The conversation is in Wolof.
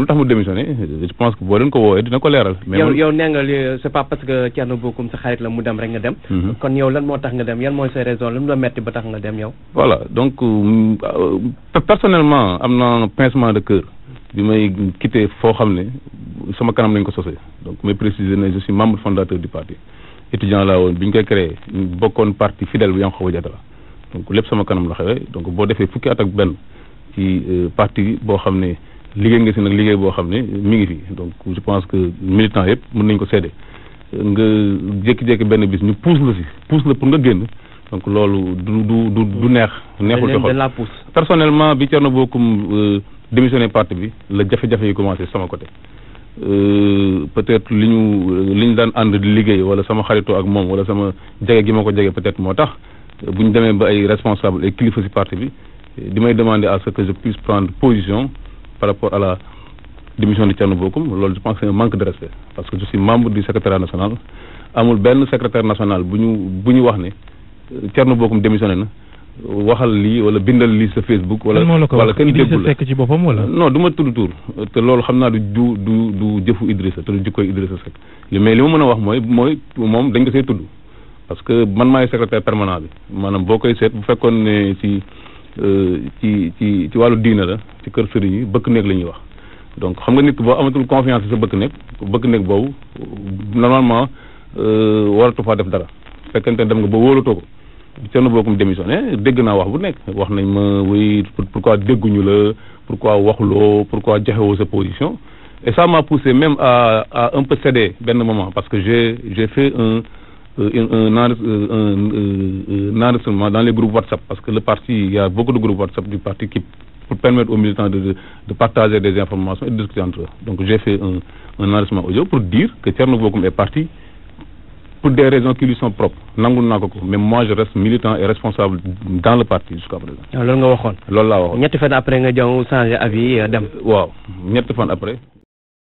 lu tax mu démissionné je pense que boo leen ko woowee dina ko leeral. mais yow yow nee nga c'est pas parce que Thierno Bocoum sa xarit la mu dem rek nga dem. Mhm. kon yow lan moo tax nga dem yan mooy sa raison lu mu la metti ba tax nga dem yow. voilà donc euh, euh, personnellement am na pincement de cœur bi may quitté foo xam ne sama kanam lañ ko sosee donc may préciser ne je suis membre fondateur du parti étudiant laa woon bi ñu koy créé bokkoon parti fidèle bu Yankhoba Diattara donc lépp sama kanam la xewee boo defee fukki at ak euh, parti boo xam ne. liggéey nga si nag liggéey boo xam ne mu ngi fi donc je pense que militant yëpp mën nañ ko seede nga jékki benn bis ñu pousse la si pousse la pour nga génn donc loolu du du du du neex. neexul ci xol personnellement bi Thierno Bocoum euh, démissionné parti bi la jafe-jafe yi commencé sama côté. Euh, peut-être li ñu li ñu daan ànd di liggéey wala sama xaritoo ak moom wala sama jege gi ma ko jege peut-être moo tax bu ñu demee ba ay responsable ay kilifa si parti bi di may demander à ce que je puisse prendre par rapport à la démission de Thierno Bocoum loolu je pense que c'est un manque de respect parce que je suis membre du secrétariat national amul benn secrétaire national bu ñu bu ñu wax ne euh, Thierno Bocoum démissionné na waxal lii wala bindal lii sa Facebook. wala wala kenn déggul la ci boppam wala. non du ma tudd tur te loolu xam naa du du du du jëfu Idrissa te du jikkoy Idrissa Seck li mais li ma mën a wax mooy mooy moom dañ ko see tudd parce que man maay secrétaire permanent bi maanaam boo koy seet bu fekkoon Euh, ci ci ci wàllu diina la ci kër sëriñ yi bëkk néeg la ñuy wax donc xam nga nit boo amatul confiance sa bëkk néeg bëkk néeg boobu normalement euh, waratu faa def dara fekkente dem nga ba wóolatoo ko Thierno Bocoum démissionné dégg naa wax bu nekk wax nañ ma oui pourquoi dégguñu la pourquoi waxuloo pour quoi joxewoo sa position et ça m'a poussé même à à un peu céder benn moment parce que j'ai j'ai fait un Euh, un, un, enregistrement dans les groupes WhatsApp, parce que le parti, il y a beaucoup de groupes WhatsApp du parti qui pour permettre aux militants de, de partager des informations et de discuter entre eux. Donc j'ai fait un, un enregistrement audio pour dire que Tierno Bokoum est parti pour des raisons qui lui sont propres nangul naa ko ko mais moi je reste militant et responsable dans le parti jusqu'à présent. Ah, loolu nga waxoon. loolu laa waxoon ñetti fan après nga jëm changer avis euh, dem. waaw ñetti fan